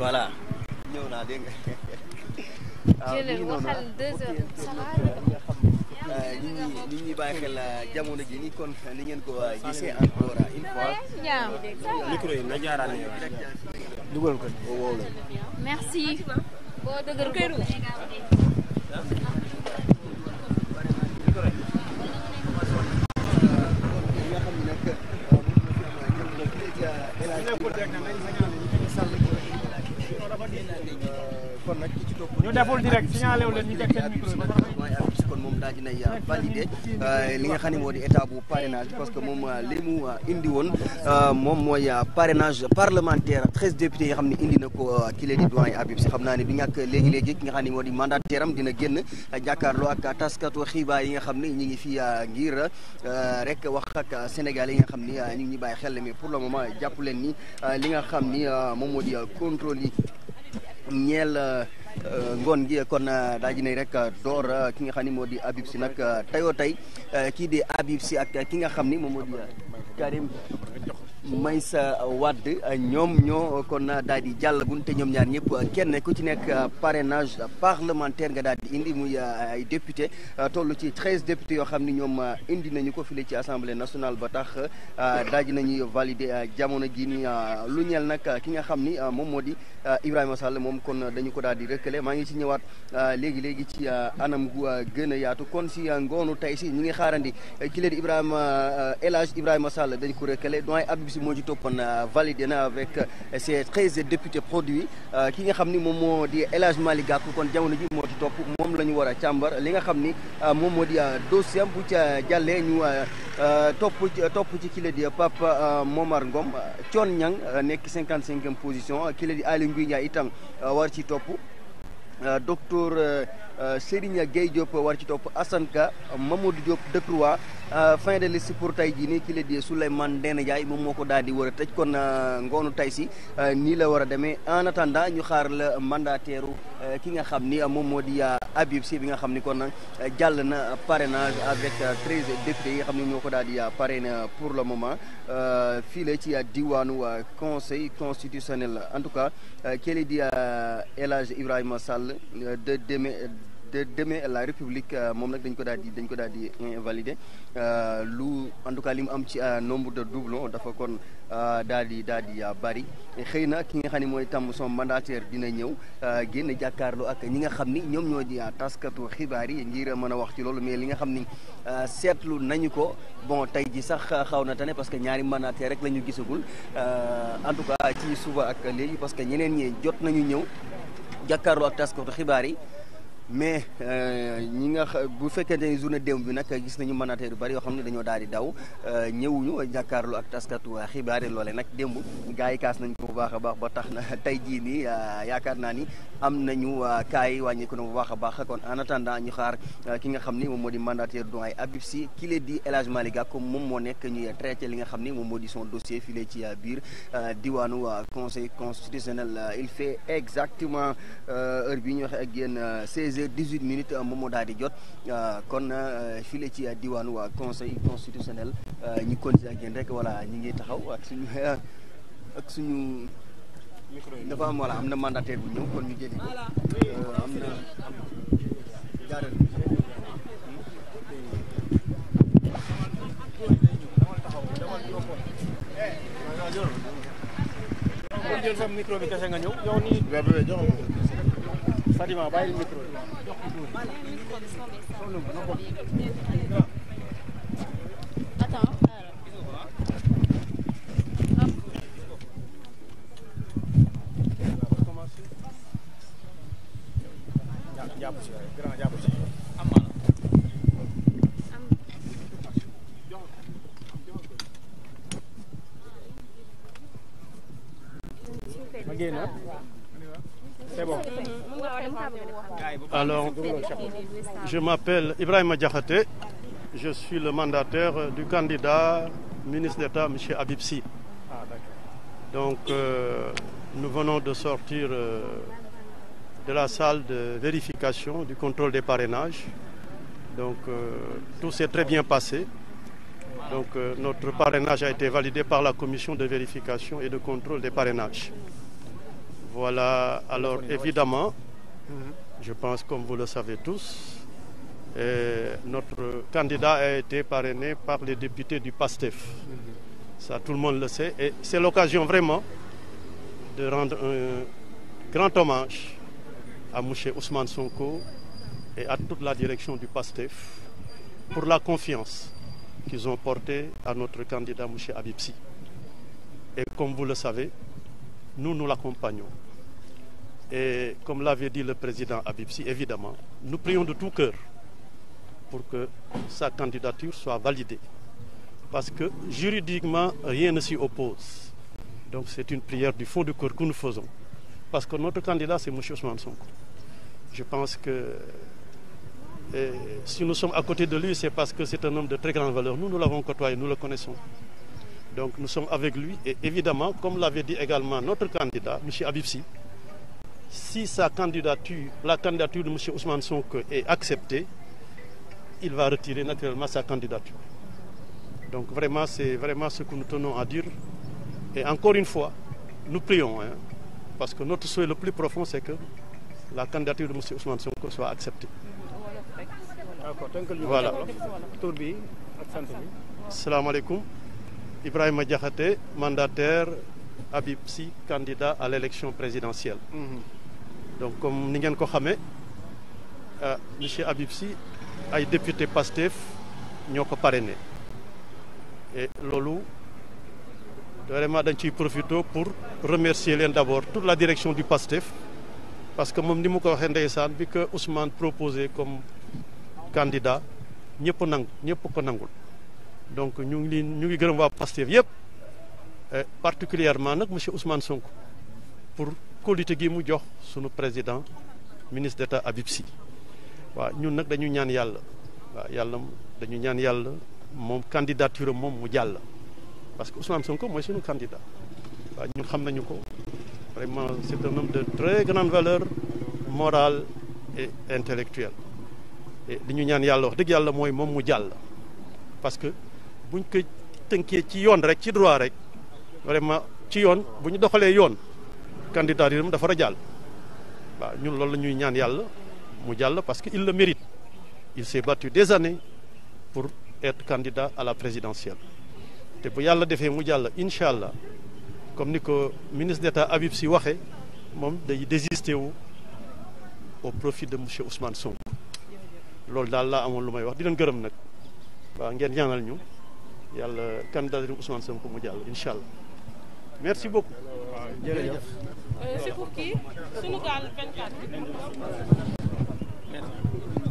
voilà ñëw naa dégg nga. waaw ñu ngi noonu waxal deux heures. ñu euh, ngi euh, ñu ngi bàyyi xel euh, jamono ji ni kon ni ngeen ko gisee encore une fois. micro yi na jaaraan yow. dugal ko woo la. merci. boo dëgër ko. Gracias. kon nag ki ci topp ñu deful direct signalé euh, euh, li nga xam ne moo di état bu parrainage parce que moom euh, li mu indi woon moom mooy parrainage parlementaire treize députés yi xam ne indi na ko kile di doyen Habib si xam naa ne nga ak léegi-léegi ki nga xam ne moo di mandataire am dina génn jàkkaarloo ak taskatu xibaar yi nga xam ne ñi ngi fii ngir rek wax ak Sénégal yi nga xam ni ñu ngi ñuy bàyyi xel mi pour le moment jàpp leen ni li nga xam ni moom moo di contrôle yi ñeel euh, ngoon gi kon euh, daa ji ne rek euh, door ki nga xam ni moo di Habib Sy nag tayoo tey kii di Habib Sy ak ki nga xam ni moom moo di Karim Maysa Wade ñoom ñoo kon daal di jàll gun te ñoom ñaar ñëpp kenn ku ci nekk parrainage parlementaire nga daal di indi muy euh, ay député euh, toll ci treize députés yoo xam ni ñoom euh, indi nañu ko file ci assemblée nationale ba tax daaji nañuy valider jamono gi ni lu ñeel nag ki nga xam ni moom moo di Ibrahima Sall moom kon dañu ko daal di rëkkale maa ngi ci ñëwaat léegi léegi ci anam gu gën yaatu kon si ngoonu tey si ñu ngi xaarandi ki leen Ibrahima El Hadj dañ ko si moo ci toppoon euh, validé na avec euh, ses treize députés produits euh, ki nga xam ni moom moo di élagement li Malick Gakou kon jamono ji moo ci topp moom la ñu war a càmbar li nga xam ni moom moo di dossier bu ca jàllee ñu topp topp ci kii la di Papa Momar Ngom Thione Niang nekk cinquante cinquième position kii la di Aly Ngouille Ndiaye itam war ci topp docteur Serigne Gueye Diop war ci topp Assane Ka Mamadou Diop Decroix Euh, fin de liste pour tey jii nii ki la di Souleymane Ndéné Ndiaye moom moo ko daadi di war a tëj kon euh, ngoonu tey si euh, nii la war a demee en attendant ñu xaar la mandataire ki nga xam ni moom moo di Habib Sy bi nga xam ni kon jàll na parrainage avec treize députés yi nga xam ne ñoo ko daal di parrainé pour le moment fii la ci diwaanu conseil constitutionnel en tout cas ki di El Hadj Ibrahima Sall de deme de deme à la république euh, moom nag dañ ko daal di dañ ko daal di invalider euh, lu en tout cas li mu am ci euh, nombre de doublons dafa kon daal di daal di bari xëy na ki nga xam ne mooy tàmm son mandataire dina ñëw génn jàkkaarloo ak ñi nga xam ni ñoom ñoo di taskatu xibaar yi ngir mën wax ci loolu mais li nga xam ni seetlu nañu ko bon tey ji sax xaw na tane parce que ñaari mandataire rek la ñu gisagul en tout cas ci suba ak léegi parce que ñeneen ñi jot nañu ñëw jàkkaarloo ak taskatu xibaar yi mais euh, ñi nga bu fekkee ni journée demb bi nag gis nañu mandataire yu bari yoo xam ne dañoo daal di daw euh, ñëwuñu jàkkaarloo ak taskatu xibaar yi loole nag demb gars yi kaas nañ ko baax a baax ba tax na tey jii nii euh, yaakaar naa ni am nañu cas yi wàññeeku na bu baax a baax kon en attendant ñu xaar ki nga xam ni moom moo di mandataire doyen Habib Sy ki lee di El Hadj Malick Gakou moom moo nekk ñuy traité li nga xam ni moom moo di son dossier filé ci biir diwaanu conseil constitutionnel il fait exactement heure bi ñu waxee ak yéen heures dix huit minutes moom moo daal di jot kon fii la ci diwaanu waa conseil constitutionnel ñu continuer ak rek voilà ñu ngi taxaw ak suñu ak suñu. dafa am voilà am na mandataire bu ñëw kon ñu jëli ko am na jaaral bi kese nga ñëw Fatima bàyyil micro Again, huh? C'est je m'appelle Ibrahima Diakhaté. Je suis le mandataire du candidat ministre d'État, M. Habib Sy. Ah, Donc, euh, nous venons de sortir euh, de la salle de vérification du contrôle des parrainages. Donc, euh, tout s'est très bien passé. Donc, euh, notre parrainage a été validé par la commission de vérification et de contrôle des parrainages. Voilà, alors évidemment, mhm. je pense comme vous le savez tous, et notre candidat a été parrainé par les députés du PASTEF. Mhm. Ça, tout le monde le sait. Et c'est l'occasion vraiment de rendre un grand hommage à M. Ousmane Sonko et à toute la direction du PASTEF pour la confiance qu'ils ont portée à notre candidat M. Abibsi. Et comme vous le savez, Nous, nous l'accompagnons. Et comme l'avait dit le président Abibsi, évidemment, nous prions de tout cœur pour que sa candidature soit validée. Parce que juridiquement, rien ne s'y oppose. Donc c'est une prière du fond du cœur que nous faisons. Parce que notre candidat, c'est M. Ousmane Sonko. Je pense que et, eh, si nous sommes à côté de lui, c'est parce que c'est un homme de très grande valeur. Nous, nous l'avons côtoyé, nous le connaissons. Donc nous sommes avec lui et évidemment, comme l'avait dit également notre candidat, M. Abibsi, si sa candidature, la candidature de M. Ousmane Sonko est acceptée, il va retirer naturellement sa candidature. Donc vraiment, c'est vraiment ce que nous tenons à dire. Et encore une fois, nous prions, parce que notre souhait le plus profond, c'est que la candidature de M. Ousmane Sonko soit acceptée. Voilà. Salaamaaleykum. Ibrahima Diakhaté mandataire Habib Sy candidat à l'élection présidentielle mhm. donc comme ni ngeen ko xamee euh, monsieur Habib Sy ay député Pastef ñoo ko parrainé et loolu vraiment dañ ciy profito pour remercier leen d'abord tout la direction du Pastef parce que moom ni mu ko waxee ndeysaan bi que Ousmane proposé comme candidat ñëpp nangu ñëpp ko nangul donc ñu ngi leen ñu ngi gërëm waa Pastef yëpp eh, particulièrement nag monsieur Ousmane Sonko pour kóolite gi mu jox sunu président ministre d'État Habib Sy waaw ñun nag dañu ñaan yàlla waaw yàlla dañu ñaan yàlla moom candidature moom mu jàll parce que Ousmane Sonko mooy sunu candidat waaw ñun xam nañu ko vraiment c'est un homme de très grande valeur morale et intellectuelle et li ñaan yàlla wax dëgg yàlla mooy moom mu jàll parce que bu buñ ko tënkee ci yoon rek ci droit rek vraiment ci yoon bu ñu doxalee yoon candidature am dafa war a jàll waaw ñun loolu la ñuy ñaan yàlla mu jàll parce que il le mérite il s'est battu des années pour être candidat à la présidentielle te bu yàlla defee mu jàll incha allah comme ni ko ministre d'État Habib si waxee moom day désister wu au profit de monsieur Ousmane Sonko loolu daal laa amoon lu may wax di leen gërëm nag waaw ngeen ñaanal ñu yàlla candidature Ousmane Sonko mu jàll incha allah merci beaucoup. jërëjëf euh, c'est pour qui Sunugal 24.